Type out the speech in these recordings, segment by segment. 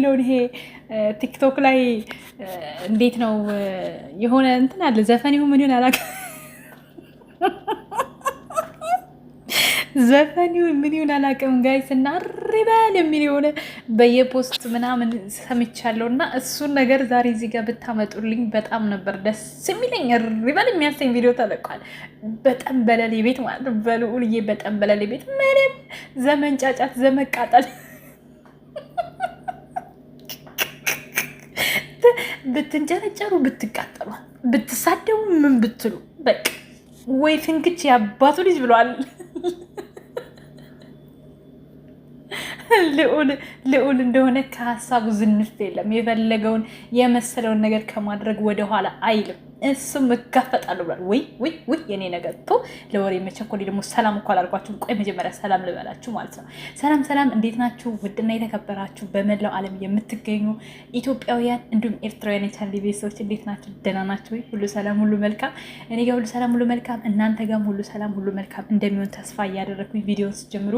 የሚለውን ይሄ ቲክቶክ ላይ እንዴት ነው የሆነ እንትን አለ ዘፈን ይሁን ምን ይሁን አላውቅም። ዘፈን ይሁን ምን ይሁን አላውቅም። ጋይ ስናሪበል የሚል የሆነ በየፖስት ምናምን ሰምቻለሁ እና እሱን ነገር ዛሬ እዚህ ጋር ብታመጡልኝ በጣም ነበር ደስ የሚለኝ። ሪበል የሚያሰኝ ቪዲዮ ተለቋል። በጣም በለሌ ቤት ማለት በልዑልዬ በጣም በለሌ ቤት ምንም ዘመን ጫጫት ዘመቃጠል ብትንጨረጨሩ፣ ብትቃጠሉ፣ ብትሳደቡ፣ ምን ብትሉ በቃ ወይ ፍንክች የአባቱ ልጅ ብለዋል። ልዑል እንደሆነ ከሀሳቡ ዝንፍ የለም። የፈለገውን የመሰለውን ነገር ከማድረግ ወደኋላ አይልም። እሱም እጋፈጣለሁ ብሏል። ወይ ወይ ወይ የኔ ነገር ቶ ለወሬ መቸኮሌ ደግሞ ሰላም እኮ አላልኳችሁም። ቆይ መጀመሪያ ሰላም ልበላችሁ ማለት ነው። ሰላም ሰላም፣ እንዴት ናችሁ? ውድና የተከበራችሁ በመላው ዓለም የምትገኙ ኢትዮጵያውያን እንዲሁም ኤርትራውያን የቻናሌ ቤተሰቦች እንዴት ናችሁ? ደህና ናችሁ ወይ? ሁሉ ሰላም ሁሉ መልካም፣ እኔ ጋር ሁሉ ሰላም ሁሉ መልካም፣ እናንተ ጋርም ሁሉ ሰላም ሁሉ መልካም እንደሚሆን ተስፋ እያደረግኩኝ ቪዲዮን ስጀምሩ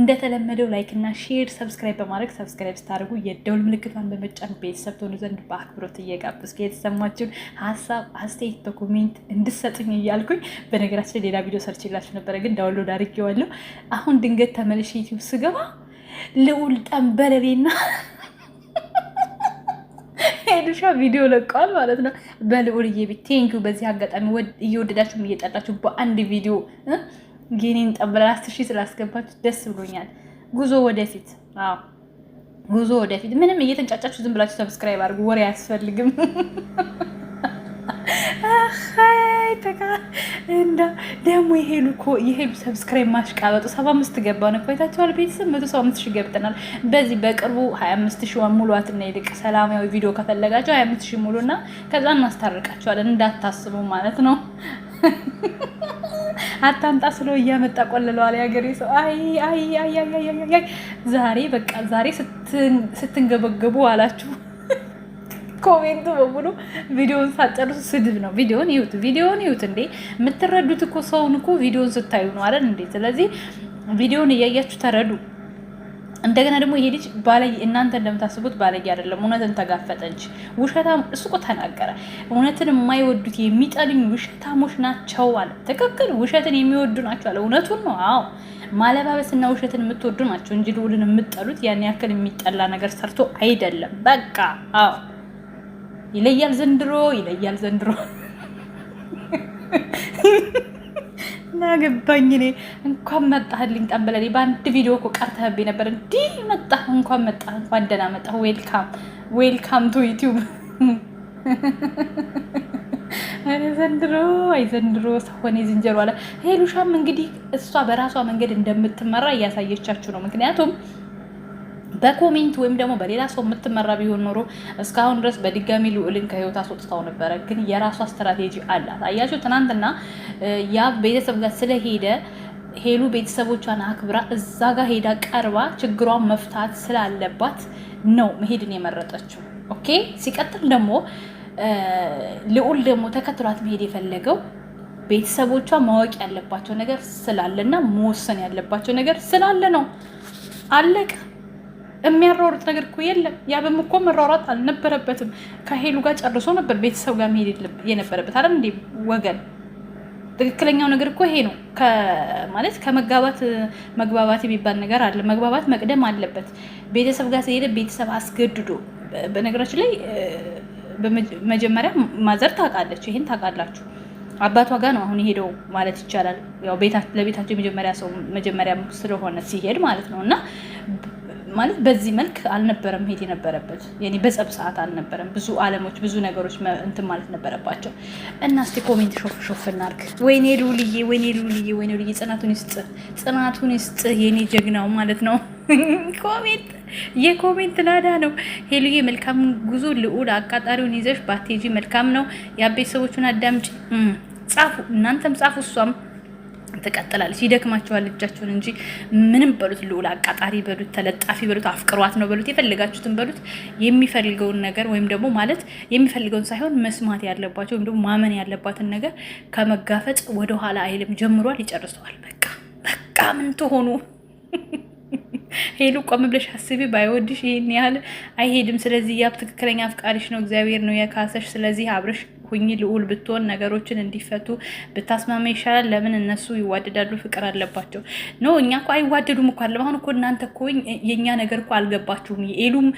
እንደተለመደው ላይክ እና ሼር፣ ሰብስክራይብ በማድረግ ሰብስክራይብ ስታደርጉ የደውል ምልክቷን በመጫን ቤተሰብ ትሆኑ ዘንድ በአክብሮት እየጋበዝኩ የተሰማችሁን ሀሳብ አስተያየት ዶኩሜንት እንድሰጥኝ እያልኩኝ በነገራችን ሌላ ቪዲዮ ሰርች የላችሁ ነበረ፣ ግን ዳውንሎድ አድርጌዋለሁ። አሁን ድንገት ተመልሼ ዩቲዩብ ስገባ ልዑል ጠንበለሌና ሄዱሻ ቪዲዮ ለቀዋል ማለት ነው። በልዑል ቤት ቴንኪው። በዚህ አጋጣሚ እየወደዳችሁ እየጠላችሁ በአንድ ቪዲዮ ጌኔን ጠንበለል አስር ሺህ ስላስገባችሁ ደስ ብሎኛል። ጉዞ ወደፊት ጉዞ ወደፊት። ምንም እየተንጫጫችሁ ዝም ብላችሁ ሰብስክራይብ አድርጉ። ወሬ አያስፈልግም። እንደው ደግሞ የሄሉ እኮ የሄሉ ሰብስክራይብ ማሽቃበጡ ሰባ አምስት ገባ ነው። ቆይታችኋል ቤተሰብ መቶ ሰባ አምስት ሺህ ገብተናል። በዚህ በቅርቡ ሀያ አምስት ሺህ ሙሏት እና ይልቅ ሰላማዊ ቪዲዮ ከፈለጋቸው ሀያ አምስት ሺህ ከዛ እናስታርቃቸዋለን እንዳታስቡ ማለት ነው። እያመጣ ቆልለዋል የሀገሬ ሰው። አይ አይ አይ አይ አይ ዛሬ በቃ ዛሬ ስትንገበገቡ አላችሁ ኮሜንቱ በሙሉ ቪዲዮን ሳጨርሱ ስድብ ነው። ቪዲዮን ይዩት፣ ቪዲዮን ይዩት። እንዴ የምትረዱት እኮ ሰውን እኮ ቪዲዮን ስታዩ ነው አለን እንዴ? ስለዚህ ቪዲዮን እያያችሁ ተረዱ። እንደገና ደግሞ ይሄ ልጅ ባለጌ እናንተ እንደምታስቡት ባለጌ አይደለም። እውነትን ተጋፈጠ እንጂ ውሸታም እሱ እኮ ተናገረ። እውነትን የማይወዱት የሚጠልኝ ውሸታሞች ናቸው አለ። ትክክል፣ ውሸትን የሚወዱ ናቸው አለ። እውነቱን ነው። አዎ ማለባበስና ውሸትን የምትወዱ ናቸው እንጂ ልውልን የምትጠሉት ያን ያክል የሚጠላ ነገር ሰርቶ አይደለም። በቃ አዎ ይለያል ዘንድሮ ይለያል ዘንድሮ ናገባኝ እኔ እንኳን መጣህልኝ ጠንበለ በአንድ ቪዲዮ እኮ ቀርተህብኝ ነበር። እንዲህ መጣህ፣ እንኳን መጣህ፣ እንኳን ደህና መጣህ። ዌልካም ዌልካም ቱ ዩቲዩብ። እኔ ዘንድሮ አይ ዘንድሮ ሰሆን ዝንጀሮ አለ ሄሉሻም እንግዲህ እሷ በራሷ መንገድ እንደምትመራ እያሳየቻችሁ ነው። ምክንያቱም በኮሜንት ወይም ደግሞ በሌላ ሰው የምትመራ ቢሆን ኖሮ እስካሁን ድረስ በድጋሚ ልዑልን ከህይወት አስወጥታው ነበረ። ግን የራሷ ስትራቴጂ አላት። አያቸው ትናንትና ያ ቤተሰብ ጋር ስለሄደ ሄሉ ቤተሰቦቿን አክብራ እዛ ጋር ሄዳ ቀርባ ችግሯን መፍታት ስላለባት ነው መሄድን የመረጠችው። ኦኬ። ሲቀጥል ደግሞ ልዑል ደግሞ ተከትሏት መሄድ የፈለገው ቤተሰቦቿ ማወቅ ያለባቸው ነገር ስላለና መወሰን ያለባቸው ነገር ስላለ ነው። አለቀ። የሚያሯሩጥ ነገር እኮ የለም። ያብም እኮ መሯሯጥ አልነበረበትም። ከሄሉ ጋር ጨርሶ ነበር ቤተሰብ ጋር መሄድ የነበረበት አለ እንዴ ወገን። ትክክለኛው ነገር እኮ ይሄ ነው ማለት ከመጋባት መግባባት የሚባል ነገር አለ። መግባባት መቅደም አለበት። ቤተሰብ ጋር ሲሄደ ቤተሰብ አስገድዶ በነገራችን ላይ መጀመሪያ ማዘር ታውቃለች፣ ይሄን ታውቃላችሁ። አባቷ ጋር ነው አሁን የሄደው ማለት ይቻላል። ያው ለቤታቸው የመጀመሪያ ሰው መጀመሪያ ስለሆነ ሲሄድ ማለት ነው እና ማለት በዚህ መልክ አልነበረም መሄድ የነበረበት። የኔ በጸብ ሰዓት አልነበረም። ብዙ አለሞች ብዙ ነገሮች እንትን ማለት ነበረባቸው እና እስቲ ኮሜንት ሾፍ ሾፍ እናድርግ። ወይኔ ሉልዬ፣ ወይኔ ሉልዬ፣ ወይኔ ሉልዬ፣ ጽናቱን ይስጥ፣ ጽናቱን ይስጥ የኔ ጀግናው ማለት ነው። ኮሜንት የኮሜንት ናዳ ነው። ሄሉዬ መልካም ጉዞ ልዑል፣ አቃጣሪውን ይዘሽ ባቴጂ መልካም ነው። የአቤተሰቦቹን አዳምጪ። ጻፉ፣ እናንተም ጻፉ፣ እሷም ትቀጥላለች። ይደክማችኋል እጃችሁን እንጂ ምንም በሉት፣ ልዑል አቃጣሪ በሉት፣ ተለጣፊ በሉት፣ አፍቅሯት ነው በሉት፣ የፈለጋችሁትን በሉት። የሚፈልገውን ነገር ወይም ደግሞ ማለት የሚፈልገውን ሳይሆን መስማት ያለባቸው ወይም ደግሞ ማመን ያለባትን ነገር ከመጋፈጥ ወደኋላ አይልም። ጀምሯል፣ ይጨርሰዋል። በቃ በቃ ምን ትሆኑ ሄሉ ቆም ብለሽ አስቢ። ባይወድሽ ይህን ያህል አይሄድም። ስለዚህ ያብ ትክክለኛ አፍቃሪሽ ነው፣ እግዚአብሔር ነው የካሰሽ። ስለዚህ አብረሽ ሁኝ ልዑል ብትሆን ነገሮችን እንዲፈቱ ብታስማማ ይሻላል። ለምን እነሱ ይዋደዳሉ፣ ፍቅር አለባቸው። ኖ እኛ እኮ አይዋደዱም እኮ አለም። አሁን እኮ እናንተ እኮ የእኛ ነገር እኮ አልገባችሁም። የኤሉም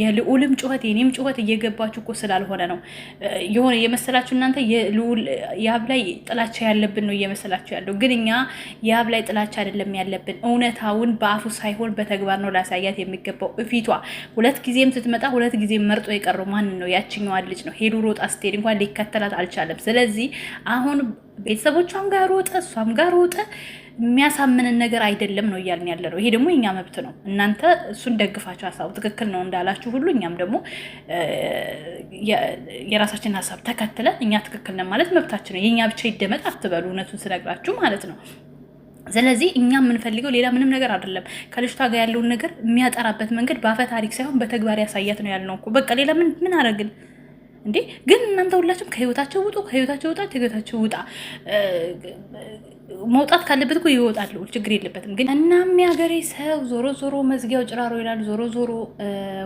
የልዑልም ጩኸት የኔም ጩኸት እየገባችሁ እኮ ስላልሆነ ነው የሆነ የመሰላችሁ እናንተ የልዑል የአብ ላይ ጥላቻ ያለብን ነው እየመሰላችሁ ያለው። ግን እኛ የአብ ላይ ጥላቻ አይደለም ያለብን፣ እውነታውን በአፉ ሳይሆን በተግባር ነው ላሳያት የሚገባው። እፊቷ ሁለት ጊዜም ስትመጣ ሁለት ጊዜም መርጦ የቀረው ማንን ነው? ያችኛዋን ልጅ ነው ሄዱ ሮጣ ስትሄድ እንኳን ሊከተላት አልቻለም። ስለዚህ አሁን ቤተሰቦቿም ጋር ሮጠ፣ እሷም ጋር ሮጠ። የሚያሳምንን ነገር አይደለም ነው እያልን ያለ ነው። ይሄ ደግሞ የኛ መብት ነው። እናንተ እሱን ደግፋችሁ ሀሳቡ ትክክል ነው እንዳላችሁ ሁሉ እኛም ደግሞ የራሳችን ሀሳብ ተከትለን እኛ ትክክል ነን ማለት መብታችን ነው። የእኛ ብቻ ይደመጥ አትበሉ፣ እውነቱን ስነግራችሁ ማለት ነው። ስለዚህ እኛ የምንፈልገው ሌላ ምንም ነገር አይደለም። ከልጅቷ ጋር ያለውን ነገር የሚያጠራበት መንገድ በአፈ ታሪክ ሳይሆን በተግባር ያሳያት ነው ያልነው እኮ። በቃ ሌላ ምን አረግን? እንዴ ግን እናንተ ሁላችሁም ከህይወታቸው ውጡ፣ ከህይወታቸው ውጣ፣ ከህይወታቸው ውጣ። መውጣት ካለበት እኮ ይወጣል፣ ችግር የለበትም። ግን እናም ያገሬ ሰው ዞሮ ዞሮ መዝጊያው ጭራሮ ይላል። ዞሮ ዞሮ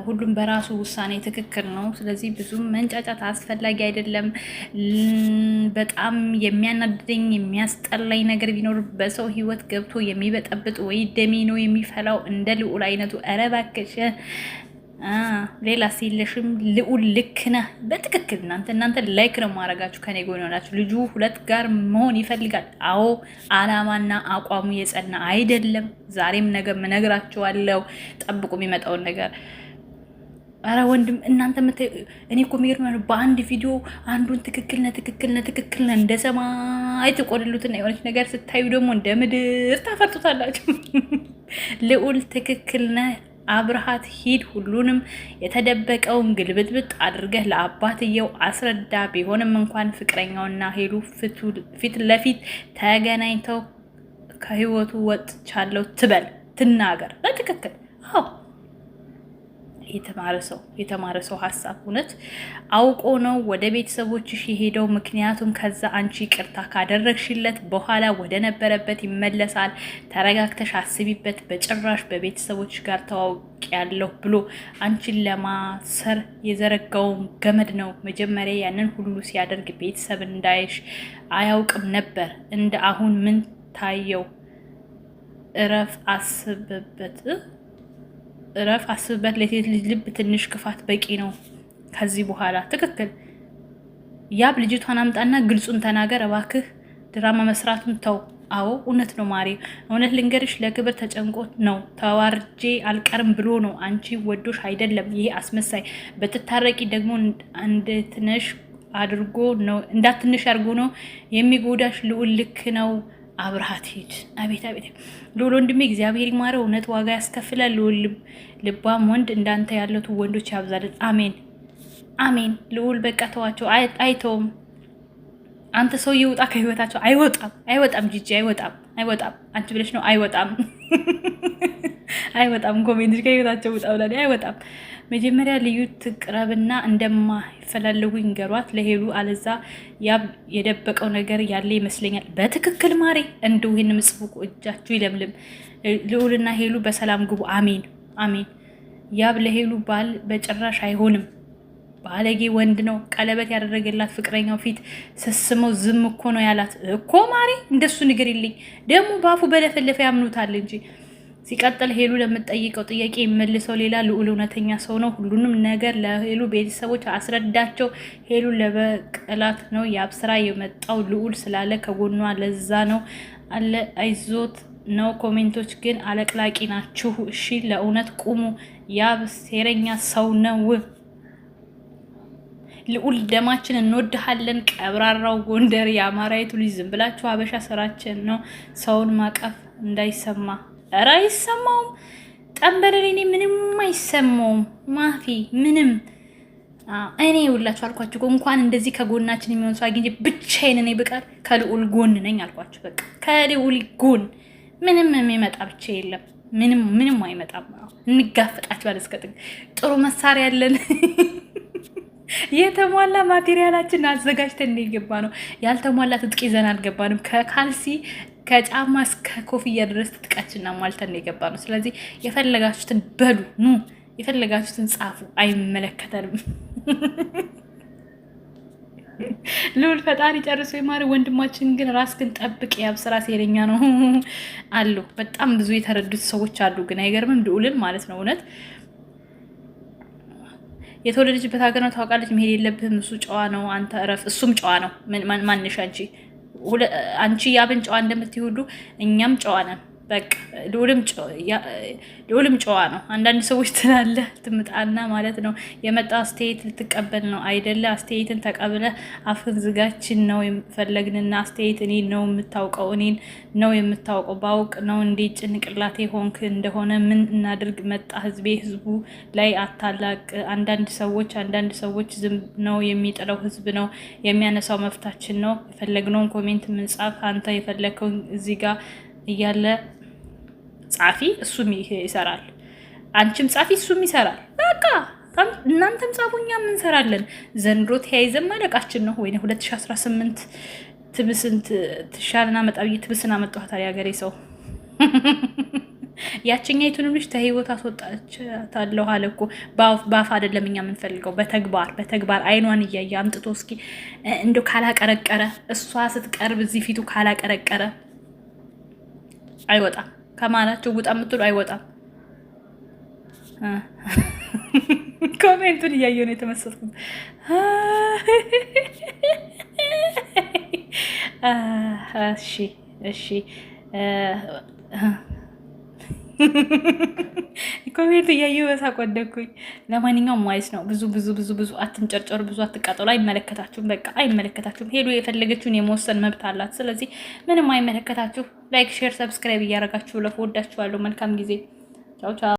ሁሉም በራሱ ውሳኔ ትክክል ነው። ስለዚህ ብዙም መንጫጫት አስፈላጊ አይደለም። በጣም የሚያናድደኝ የሚያስጠላኝ ነገር ቢኖር በሰው ህይወት ገብቶ የሚበጠብጥ ወይ ደሜ ነው የሚፈላው እንደ ልዑል አይነቱ። ኧረ እባክሽ ሌላ ሲለሽም ልዑል ልክ ነህ። በትክክል እናንተ እናንተ ላይክ ነው ማድረጋችሁ ከኔ ጎን ሆናችሁ። ልጁ ሁለት ጋር መሆን ይፈልጋል። አዎ አላማና አቋሙ የጸና አይደለም። ዛሬም ነገ እነግራችኋለሁ። ጠብቁ የሚመጣውን ነገር። አረ ወንድም እናንተ እኔ እኮ የሚገርመው በአንድ ቪዲዮ አንዱን ትክክል ነህ ትክክል ነህ ትክክል ነህ እንደ ሰማይ ትቆልሉትና የሆነች ነገር ስታዩ ደግሞ እንደ ምድር ታፈርጡታላችሁ። ልዑል ትክክል ነህ አብርሃት ሂድ፣ ሁሉንም የተደበቀውን ግልብጥብጥ አድርገህ ለአባትየው አስረዳ። ቢሆንም እንኳን ፍቅረኛውና ሄሉ ፊት ለፊት ተገናኝተው ከህይወቱ ወጥቻለሁ ትበል ትናገር። በትክክል አዎ የተማረ ሰው የተማረ ሰው ሀሳብ እውነት አውቆ ነው ወደ ቤተሰቦችሽ የሄደው። ምክንያቱም ከዛ አንቺ ቅርታ ካደረግሽለት በኋላ ወደ ነበረበት ይመለሳል። ተረጋግተሽ አስቢበት። በጭራሽ በቤተሰቦች ጋር ያለሁ ብሎ አንቺን ለማሰር የዘረጋውን ገመድ ነው። መጀመሪያ ያንን ሁሉ ሲያደርግ ቤተሰብ እንዳይሽ አያውቅም ነበር። እንደ አሁን ምን ታየው? እረፍ፣ አስብበት። እረፍ፣ አስብበት። ለሴት ልጅ ልብ ትንሽ ክፋት በቂ ነው። ከዚህ በኋላ ትክክል ያብ ልጅቷን አምጣና ግልጹን ተናገር እባክህ። ድራማ መስራቱን ተው። አዎ እውነት ነው ማሬ፣ እውነት ልንገርሽ፣ ለክብር ተጨንቆ ነው ተዋርጄ አልቀርም ብሎ ነው። አንቺ ወዶሽ አይደለም ይሄ አስመሳይ። በትታረቂ ደግሞ እንዳትነሽ አድርጎ ነው የሚጎዳሽ። ልዑል ልክ ነው። አብርሃት ሂድ። አቤት አቤት ሎሎ ወንድሜ እግዚአብሔር ይማረው። እውነት ዋጋ ያስከፍላል። ልውል ልባም ወንድ እንዳንተ ያለቱ ወንዶች ያብዛልን። አሜን አሜን። ልውል በቃ ተዋቸው። አይተውም። አንተ ሰው ይውጣ ከህይወታቸው። አይወጣም አይወጣም። ጂጂ አይወጣም አይወጣም። አንቺ ብለሽ ነው አይወጣም አይወጣም። ኮሜንት ከህይወታቸው ውጣ ብላ አይወጣም። መጀመሪያ ልዩ ትቅረብና እንደማይፈላለጉ ይንገሯት ለሄሉ። አለዛ ያብ የደበቀው ነገር ያለ ይመስለኛል። በትክክል ማሬ፣ እንደው ይህን ምጽቡቁ እጃችሁ ይለምልም። ልዑልና ሄሉ በሰላም ግቡ። አሜን አሜን። ያብ ለሄሉ ባል በጭራሽ አይሆንም። ባለጌ ወንድ ነው። ቀለበት ያደረገላት ፍቅረኛው ፊት ስስመው ዝም እኮ ነው ያላት እኮ ማሬ። እንደሱ ንገሪልኝ ደግሞ በአፉ በለፈለፈ ያምኑታል እንጂ ሲቀጥል ሄሉ ለምትጠይቀው ጥያቄ የመልሰው ሌላ ልዑል እውነተኛ ሰው ነው። ሁሉንም ነገር ለሄሉ ቤተሰቦች አስረዳቸው። ሄሉ ለበቀላት ነው የአብስራ የመጣው ልዑል ስላለ ከጎኗ ለዛ ነው አለ አይዞት ነው። ኮሜንቶች ግን አለቅላቂ ናችሁ። እሺ ለእውነት ቁሙ። ያብ ሴረኛ ሰው ነው። ልዑል ደማችን እንወድሃለን። ቀብራራው ጎንደር የአማራ ቱሪዝም ብላችሁ አበሻ ስራችን ነው። ሰውን ማቀፍ እንዳይሰማ እረ አይሰማውም። ጠንበለል ምንም አይሰማውም። ማፊ ምንም እኔ ውላችሁ አልኳችሁ እኮ እንኳን እንደዚህ ከጎናችን የሚሆን ሰው አግኝቼ ብቻዬን እኔ ብቀር ከልዑል ጎን ነኝ አልኳችሁ። በቃ ከልዑል ጎን ምንም የሚመጣ ብቻ የለም። ምንም ምንም አይመጣም። እንጋፍጣችኋል እስከ ጥግ። ጥሩ መሳሪያ ያለን የተሟላ ማቴሪያላችን አዘጋጅተን ነው የገባ ነው። ያልተሟላ ትጥቅ ይዘን አልገባንም። ከካልሲ ከጫማ እስከ ኮፍያ ድረስ ትጥቃችንና ሟልተን የገባ ነው። ስለዚህ የፈለጋችሁትን በሉ ኑ፣ የፈለጋችሁትን ጻፉ፣ አይመለከተንም። ልውል ፈጣሪ ጨርሶ የማሪ ወንድማችን ግን ራስ ግን ጠብቅ፣ ያብ ስራ ሴደኛ ነው አሉ። በጣም ብዙ የተረዱት ሰዎች አሉ። ግን አይገርምም? ልውልን ማለት ነው እውነት የተወለደችበት ሀገር ነው። ታውቃለች። መሄድ የለብህም እሱ ጨዋ ነው። አንተ እረፍ። እሱም ጨዋ ነው። ማንሻ እንጂ አንቺ ያብን ጨዋ እንደምትሄዱ እኛም ጨዋ ነን። በቃ ልዑልም ጨዋ ነው። አንዳንድ ሰዎች ትላለህ ትምጣና ማለት ነው የመጣ አስተያየት ልትቀበል ነው አይደለ? አስተያየትን ተቀብለ አፍን ዝጋችን ነው የፈለግንና አስተያየት እኔ ነው የምታውቀው እኔን ነው የምታውቀው ባውቅ ነው እንዴ ጭንቅላቴ ሆንክ እንደሆነ ምን እናድርግ መጣ ህዝቤ ህዝቡ ላይ አታላቅ። አንዳንድ ሰዎች አንዳንድ ሰዎች ዝም ነው የሚጥለው ህዝብ ነው የሚያነሳው መፍታችን ነው የፈለግነውን ኮሜንት ምንጻፍ አንተ የፈለግከውን እዚህ ጋር እያለ ጻፊ እሱም ይሰራል፣ አንቺም ጻፊ እሱም ይሰራል። በቃ እናንተም ጻፉ እኛም እንሰራለን። ዘንድሮ ተያይዘን ማለቃችን ነው ወይ 2018 ትብስን ትሻልና መጣ ብዬ ትብስን አመጣኋታል የሀገሬ ሰው ያችኛይቱንም ልጅ ተህይወት አስወጣችታለሁ አለ እኮ በአፍ አይደለም እኛ የምንፈልገው በተግባር በተግባር አይኗን እያየ አምጥቶ እስኪ እንደው ካላቀረቀረ እሷ ስትቀርብ እዚህ ፊቱ ካላቀረቀረ አይወጣም። ከማላችሁ ውጣ የምትሉ አይወጣም። ኮሜንቱን እያየሁ ነው የተመሰጥኩት። እሺ እሺ ኮሜንት እያየሁ በሳቅ ወደኩኝ። ለማንኛውም ዋይስ ነው። ብዙ ብዙ ብዙ ብዙ አትንጨርጨሩ፣ ብዙ አትቃጠሉ። አይመለከታችሁም፣ በቃ አይመለከታችሁም። ሄዱ የፈለገችውን የመወሰን መብት አላት። ስለዚህ ምንም አይመለከታችሁ። ላይክ፣ ሼር፣ ሰብስክራይብ እያደረጋችሁ ለፎ ወዳችኋለሁ። መልካም ጊዜ። ቻው ቻው።